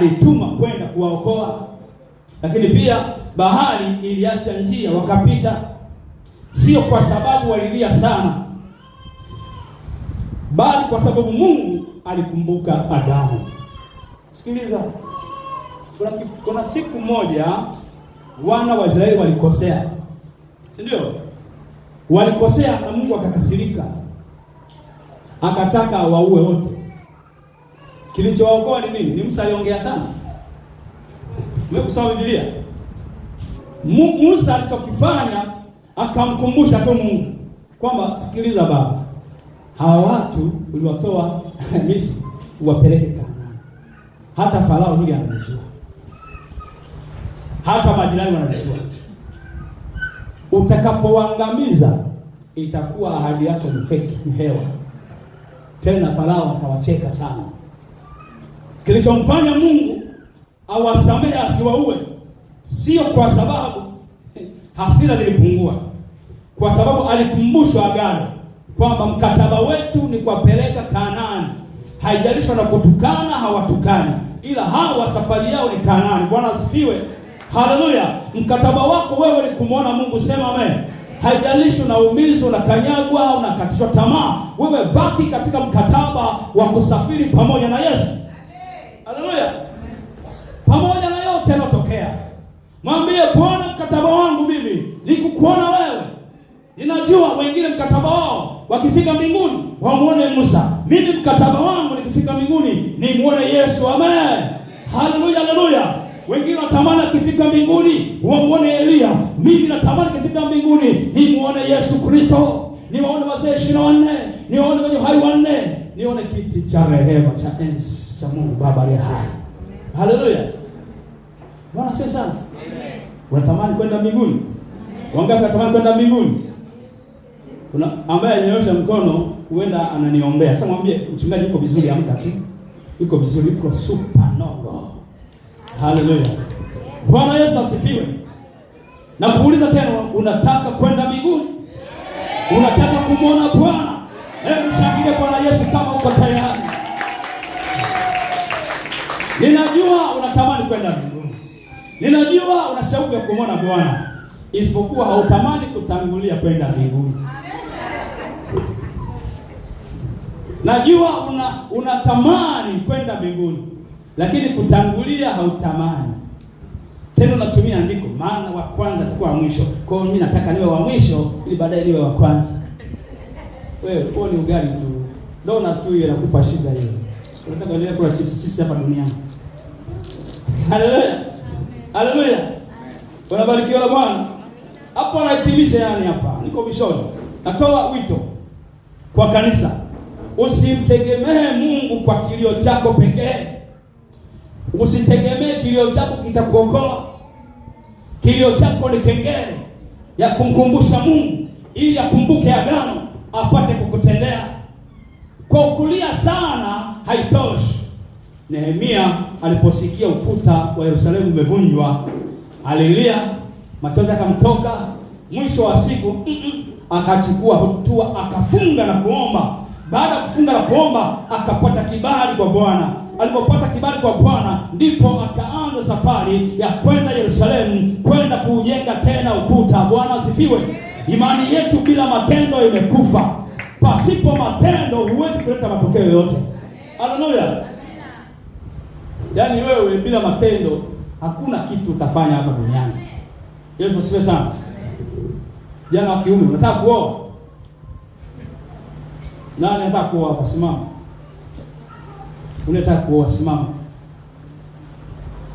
alituma kwenda kuwaokoa, lakini pia bahari iliacha njia, wakapita, sio kwa sababu walilia sana, bali kwa sababu Mungu alikumbuka Adamu. Sikiliza, kuna, kuna siku moja wana wa Israeli walikosea, si ndio? Walikosea na Mungu akakasirika, akataka waue wote Kilichowaokoa ni nini? Ni Musa aliongea sana. Mmekusoma Biblia? Musa alichokifanya akamkumbusha tu Mungu kwamba sikiliza, Baba, hawa watu uliwatoa Misri uwapeleke Kanaani. Hata Farao hili anajua, hata majirani wanajua. Utakapoangamiza itakuwa ahadi yako ni feki, ni hewa. Tena Farao atawacheka sana. Kilichomfanya Mungu awasamehe asiwaue sio kwa sababu eh, hasira zilipungua, kwa sababu alikumbushwa agano kwamba mkataba wetu ni kuwapeleka Kanaani. Haijalishwa na kutukana hawatukani, ila hawa safari yao ni Kanaani. Bwana asifiwe, haleluya. Mkataba wako wewe ni kumwona Mungu, sema amen. Haijalishi unaumizwa, unakanyagwa, unakatishwa tamaa, wewe baki katika mkataba wa kusafiri pamoja na Yesu. Haleluya! Pamoja na yote yanayotokea, mwambie Bwana, mkataba wangu mimi ni kukuona wewe. Ninajua wengine mkataba wao wakifika mbinguni wamuone Musa, mimi mkataba wangu nikifika mbinguni nimuone Yesu. Amen, haleluya, haleluya. Wengine natamani akifika mbinguni wamuone Elia, mimi natamani akifika mbinguni nimuone Yesu Kristo, niwaone wazee ishirini na wanne, niwaone wenye uhai wanne nione kiti cha rehema cha ens cha Mungu Baba aliye hai. Haleluya! Bwana sio sana. Unatamani kwenda mbinguni? Wangapi wanatamani kwenda mbinguni? Kuna ambaye anyenyosha mkono, huenda ananiombea. Sasa mwambie mchungaji, uko vizuri, amka tu, uko vizuri, uko super nogo Haleluya! Bwana Yesu asifiwe. Na kuuliza tena, unataka kwenda mbinguni? Unataka kumwona Bwana? Hebu shangilie Bwana Yesu kama uko tayari. Ninajua unatamani kwenda mbinguni, ninajua una shauku ya kumwona Bwana, isipokuwa hautamani kutangulia kwenda mbinguni. Najua una unatamani kwenda mbinguni, lakini kutangulia hautamani. Tena unatumia andiko, maana wa kwanza atakuwa wa mwisho. Kwa hiyo mimi nataka niwe wa mwisho ili baadaye niwe wa kwanza wewe huo ni ugali tu, dona tu hiyo inakupa shida hiyo. Unataka ndio kula chips chips hapa duniani. Haleluya, haleluya, barikiwa na Bwana. Hapo anahitimisha yani, hapa niko mishoni, natoa wito kwa kanisa, usimtegemee Mungu kwa kilio chako pekee. Usitegemee kilio chako kitakuokoa. Kilio chako ni kengele ya kumkumbusha Mungu ili akumbuke agano apate kukutendea. Kwa kulia sana haitoshi. Nehemia aliposikia ukuta wa Yerusalemu umevunjwa, alilia machozi akamtoka. Mwisho wa siku mm -mm, akachukua hatua, akafunga na kuomba. Baada ya kufunga na kuomba, akapata kibali kwa Bwana. Alipopata kibali kwa Bwana, ndipo akaanza safari ya kwenda Yerusalemu, kwenda kuujenga tena ukuta. Bwana asifiwe. Imani yetu bila matendo imekufa. Pasipo matendo huwezi kuleta matokeo yoyote. Haleluya! Yaani wewe bila matendo hakuna kitu utafanya hapa duniani. Yesu asifiwe sana. Jana wa kiume unataka kuoa? Nani anataka kuoa hapa? Simama. Unataka kuoa, simama.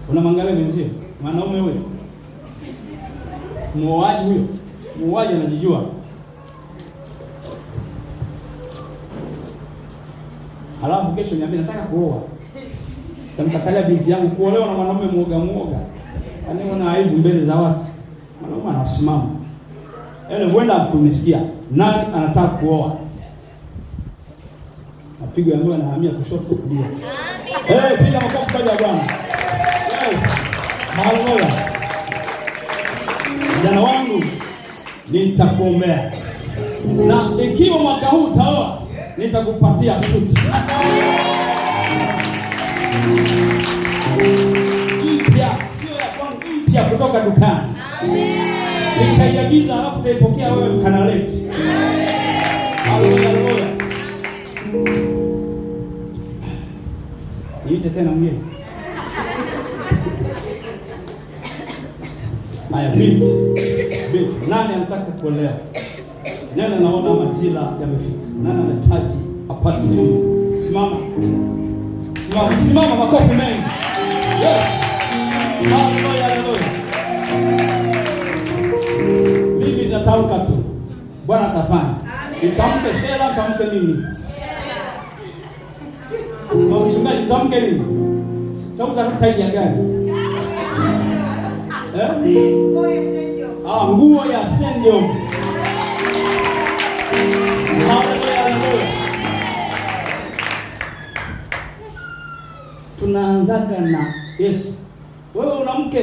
Unamwangalia mwenzio, mwanaume huyo, muoaji huyo muuaji anajijua. Halafu kesho niambia nataka kuoa, tamkatalia binti yangu kuolewa na mwanaume muoga mwoga, anaona aibu mbele za watu. Mwanaume anasimama yaani, huenda kunisikia nani anataka kuoa, mapigo ya moyo yanahamia kushoto kulia. Hey, eh, piga makofi kwa Bwana. Yes. Haleluya. Jana wangu nitakuombea, na ikiwa mwaka huu utaoa, nitakupatia suti mpya, sio ya kwangu, mpya kutoka dukani. Nitaiagiza halafu utaipokea wewe, mkanaleti. Haleluya! niite tena mgeni. haya, binti binti, nani anataka kuolewa? Nani anaona majira yamefika? Nani anahitaji apate? Simama, simama, simama, makofi mengi. Yes, haleluya, haleluya. Mimi natamka tu, Bwana atafanya. Nitamke Shela, nitamke nini? Shela. Mchungaji, nitamke nini? Nitamza taji ya gari Eh? Ah, nguo ya send off. Tunaanzaga na Yesu, wewe una mke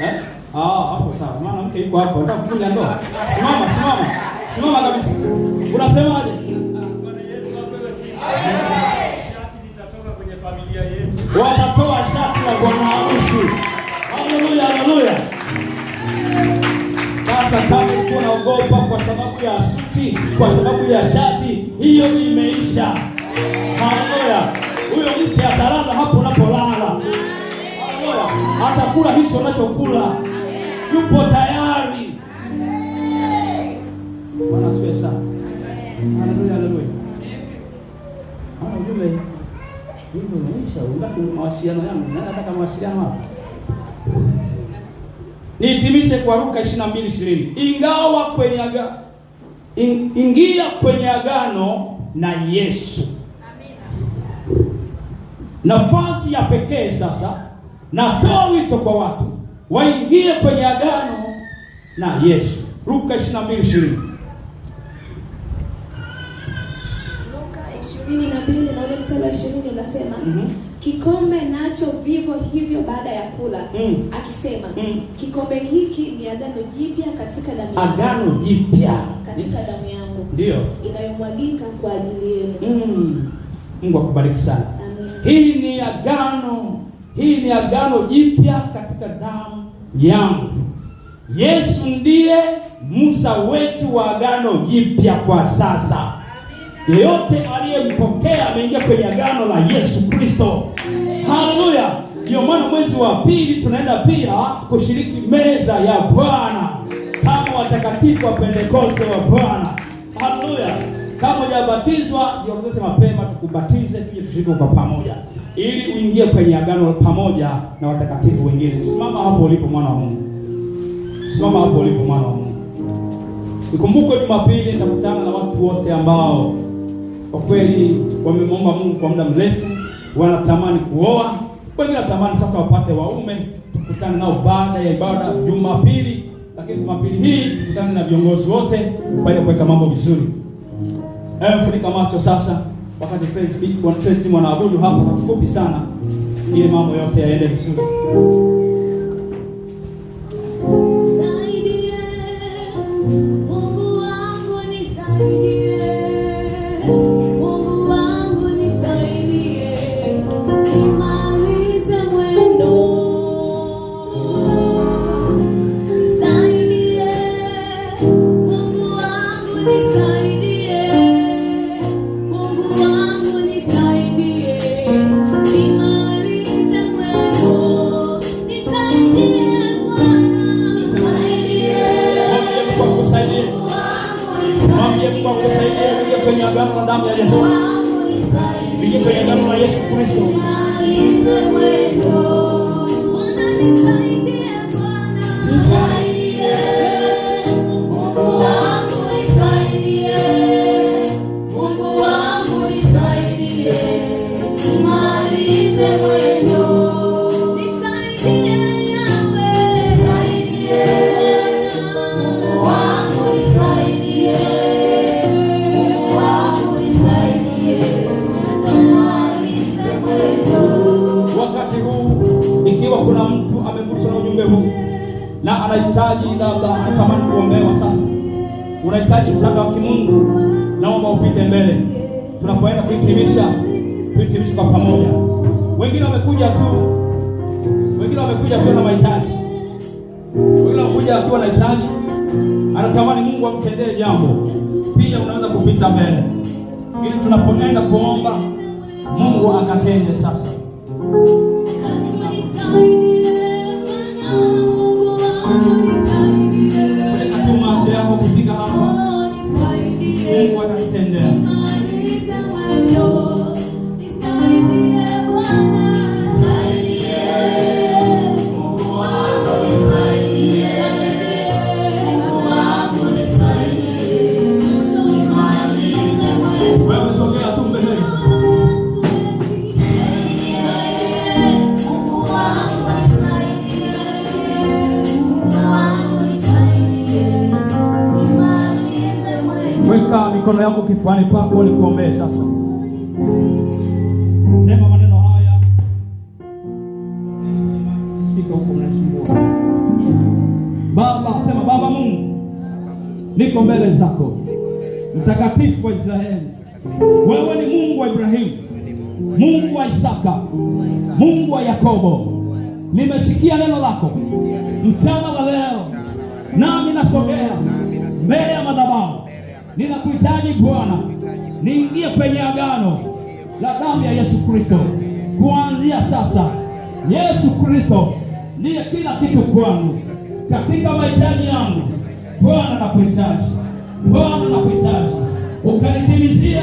eh? Ah, hapo sawa, maana mke yuko hapo, nataka kufunga ndoa. Simama, simama, simama kabisa. Unasemaje? watatoa kwa sababu ya shati hiyo imeisha. Haleluya! huyo mke atalala hapo unapolala. Haleluya! atakula hicho unachokula, yupo tayari. Bwana asifiwe sana. Haleluya, haleluya. Ana ujumbe ujumbe umeisha, ungapi mawasiliano yangu? Nani anataka mawasiliano hapo Nihitimishe kwa Luka 22:20 ingawa kwenye In, ingia kwenye agano na Yesu. Amina. Nafasi ya pekee sasa, natoa wito kwa watu waingie kwenye agano na Yesu. Luka 22:20. Luka 22:20 na ule mstari 20 unasema, mm -hmm. Kikombe nacho vivyo hivyo baada ya kula mm. akisema mm. kikombe hiki ni agano jipya katika damu agano jipya katika damu yangu ndio inayomwagika kwa ajili yenu mm. Mungu akubariki sana. Hii ni agano, hii ni agano jipya katika damu yangu. Yesu ndiye Musa wetu wa agano jipya kwa sasa. Yeyote aliyempokea ameingia kwenye agano la Yesu Kristo. Haleluya! Ndio maana mwezi wa pili tunaenda pia kushiriki meza ya Bwana kama watakatifu wa Pentekoste wa Bwana. Haleluya! Kama hujabatizwa, jiongeze mapema tukubatize, tuje tushiriki kwa pamoja, ili uingie kwenye agano pamoja na watakatifu wengine. Simama hapo ulipo, mwana wa Mungu. Simama hapo ulipo, mwana wa Mungu. Ikumbukwe Jumapili nitakutana na watu wote ambao kwa kweli wamemwomba Mungu kwa muda mrefu, wanatamani kuoa, wengine wanatamani sasa wapate waume. Tukutane nao baada ya ibada Jumapili, lakini Jumapili hii tukutane na viongozi wote kwa ile kuweka mambo vizuri. Hebu funika macho sasa, wakati praise team wanaabudu hapo kwa kifupi sana, ili mambo yote yaende vizuri. Mungu akusaidie kuja kwenye agano la damu ya Yesu, kuja kwenye damu ya Yesu Kristo. na anahitaji labda anatamani kuombewa sasa, unahitaji msaada wa kimungu, naomba upite mbele. Tunapoenda kuhitimisha, tuhitimishe kwa pamoja. Wengine wamekuja tu, wengine wamekuja tu na mahitaji, wengine wamekuja akiwa na hitaji, anatamani Mungu amtendee jambo, pia unaweza kupita mbele ili tunapoenda kuomba Mungu akatende sasa. weka mikono yako kifuani pako, nikuombee sasa. Sema maneno haya, Baba, sema Baba Mungu, niko mbele zako, mtakatifu wa Israeli, wewe ni Mungu wa Ibrahimu, Mungu wa Isaka, Mungu wa Yakobo. Nimesikia neno lako mchana wa leo, nami nasogea mbele ya madhabahu Ninakuhitaji Bwana, niingie kwenye agano la damu ya Yesu Kristo kuanzia sasa. Yesu Kristo ndiye kila kitu kwangu, katika mahitaji yangu Bwana nakuhitaji, Bwana nakuhitaji, ukanitimizie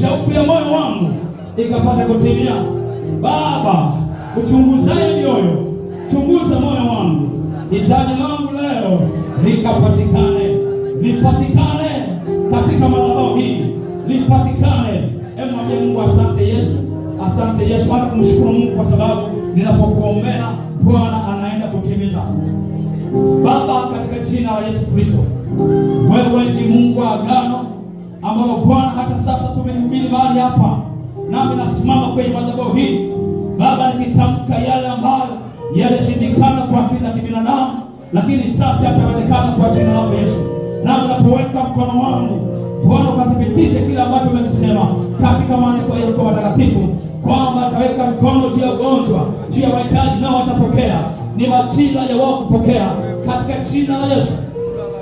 shauku ya moyo wangu ikapata kutimia. Baba uchunguzaye mioyo, chunguza moyo wangu, hitaji langu leo likapatikane, lipatikane katika madhabahu hii lipatikane. mwambie Mungu asante Yesu, asante Yesu, hata kumshukuru Mungu kwa sababu ninapokuombea Bwana anaenda kutimiza. Baba, katika jina la Yesu Kristo, wewe ni Mungu wa agano ambao Bwana hata sasa tumenihubiri mahali hapa, nami nasimama kwenye madhabahu hii Baba, nikitamka yale ambayo yalishindikana kwa akili za kibinadamu, lakini sasa yatawezekana kwa jina lako Yesu na unapoweka mkono wangu Bwana, ukathibitishe kile ambacho umekisema katika maandiko kwa matakatifu kwamba ataweka mkono juu ya ugonjwa, juu ya wahitaji, nao watapokea. Ni majira ya wao kupokea katika jina la Yesu.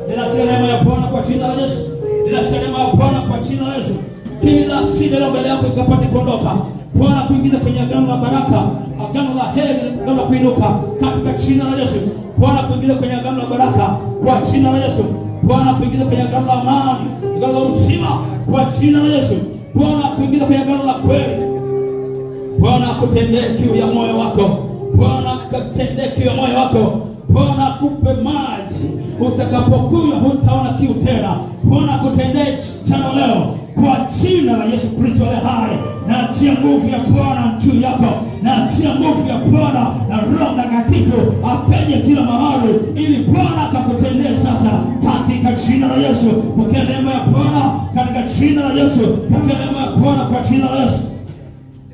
Ninatia neema ya Bwana kwa jina la Yesu. Ninatia neema ya Bwana kwa jina la Yesu. Kila shida ile mbele yako ikapate kuondoka Bwana, kuingiza kwenye agano la baraka, agano la heri, agano la kuinuka katika jina la Yesu. Bwana, kuingiza kwenye agano la baraka kwa jina la Yesu. Bwana kuingiza kwenye agano la amani, agano la uzima kwa jina la Yesu. Bwana kuingiza kwenye agano la kweli. Bwana akutendee kiu ya moyo wako. Bwana akutendee kiu ya moyo wako. Bwana akupe maji utakapokunywa hutaona kiu tena. Bwana kutendee chano leo kwa jina la Yesu Kristo aliye hai. Naachia nguvu ya Bwana juu yako, naachia nguvu ya Bwana na Roho Mtakatifu apenye kila mahali, ili Bwana akakutendee sasa, katika jina la Yesu. Pokea neema ya Bwana katika jina la Yesu. Pokea neema ya Bwana kwa jina la Yesu.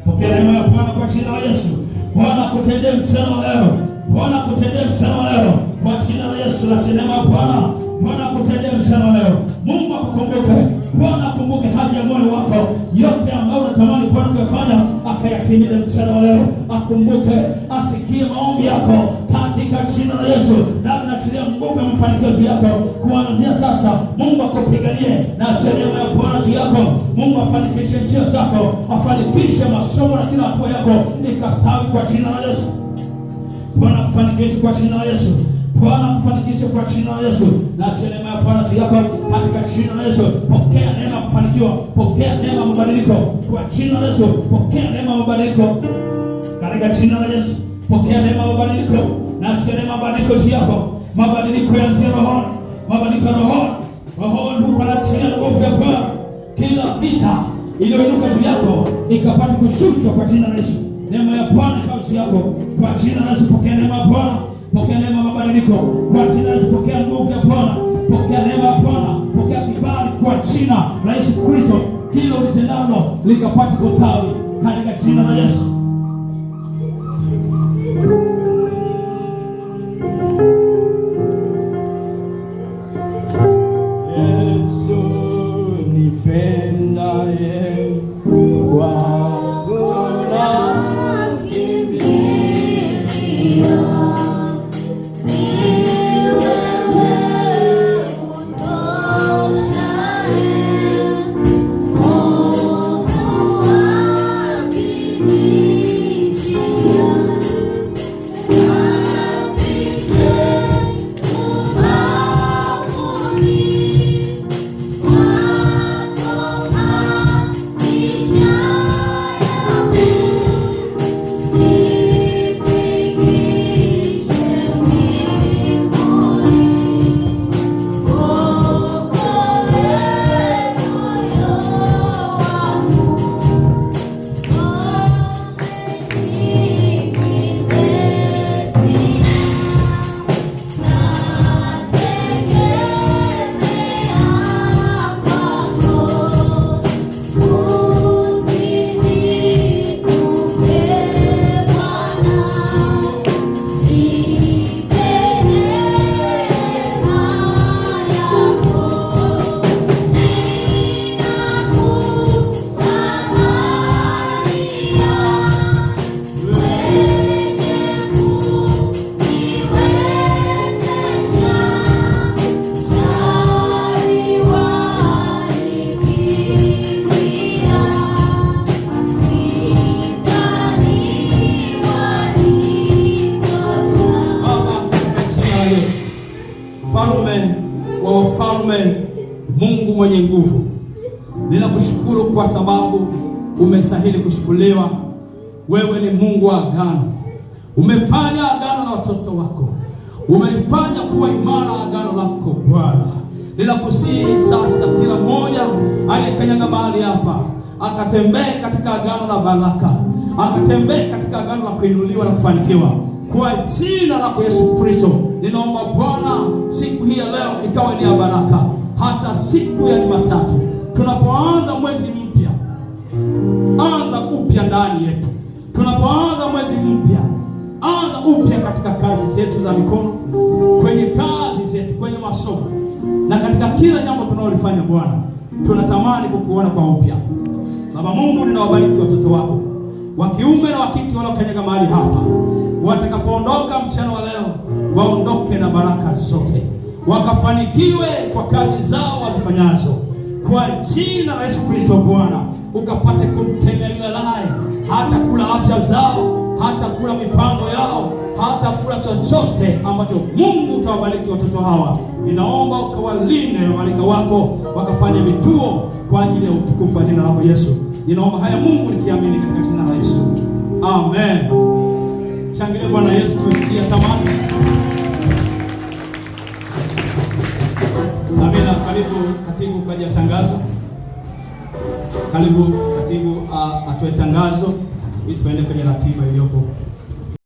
Pokea neema ya Bwana kwa jina la Yesu. Bwana akutendee mchana leo Bwana kutendea mchana leo kwa jina la Yesu la sinema. Bwana Bwana kutendea mchana leo, Mungu akukumbuke. Bwana akumbuke haja ya moyo wako, yote ambayo unatamani Bwana kufanya akayatimiza mchana leo, akumbuke, asikie maombi yako katika jina la Yesu, na naachilia nguvu ya mafanikio juu yako kuanzia sasa. Mungu akupiganie na achilie moyo Bwana juu yako. Mungu afanikishe njia zako, afanikishe masomo na kila hatua yako ikastawi kwa jina la Yesu. Bwana kufanikishe kwa jina la Yesu. Bwana kufanikishe kwa jina la Yesu. Na tegemea Bwana tu yako katika jina la Yesu. Pokea neema kufanikiwa, pokea neema mabadiliko kwa jina la Yesu. Pokea neema mabadiliko katika jina la Yesu. Pokea neema mabadiliko na tegemea mabadiliko yako. Mabadiliko yaanzie rohoni, mabadiliko ya roho. Rohoni huko na tena nguvu ya Bwana. Kila vita iliyoinuka juu yako ikapata kushushwa kwa jina la Yesu neema ya Bwana kazi yako kwa jina la Yesu. Pokea neema ya Bwana, pokea neema mabadiliko kwa jina la Yesu. Pokea nguvu ya Bwana, pokea neema ya Bwana, pokea kibali kwa jina la Yesu Kristo, kila litendalo likapate kustawi katika jina la Yesu. mfalme wa wafalme, Mungu mwenye nguvu, ninakushukuru kwa sababu umestahili kushukuliwa Wewe ni Mungu wa agano, umefanya agano na watoto wako, umelifanya kuwa imara agano lako Bwana. Ninakusihi sasa, kila mmoja aliyekanyaga mahali hapa akatembee katika agano la baraka, akatembee katika agano la kuinuliwa na kufanikiwa. Kwa jina la Yesu Kristo ninaomba Bwana, siku hii ya leo ikawe ni ya baraka, hata siku ya Jumatatu tunapoanza mwezi mpya, anza upya ndani yetu. Tunapoanza mwezi mpya, anza upya katika kazi zetu za mikono, kwenye kazi zetu, kwenye masomo na katika kila jambo tunalolifanya. Bwana, tunatamani kukuona kwa upya. Baba Mungu, ninawabariki watoto wako wa kiume na wa kike wanaokanyaga mahali hapa watakapoondoka mchana wa leo, waondoke na baraka zote, wakafanikiwe kwa kazi zao wazifanyazo, kwa jina la Yesu Kristo. Bwana, ukapate kumkemea yule laye, hata kula afya zao hata kula mipango yao, hata kula chochote ambacho Mungu utawabariki watoto hawa. Ninaomba ukawalinde malaika wako, wakafanye vituo kwa ajili ya utukufu wa jina lako Yesu. Ninaomba haya Mungu, nikiamini katika jina la Yesu, amen. Shangilia Bwana Yesu kufikia tamati. Amina. Karibu katibu kwa ajili ya tangazo. Karibu katibu ah, atoe tangazo ili tuende kwenye ratiba iliyopo.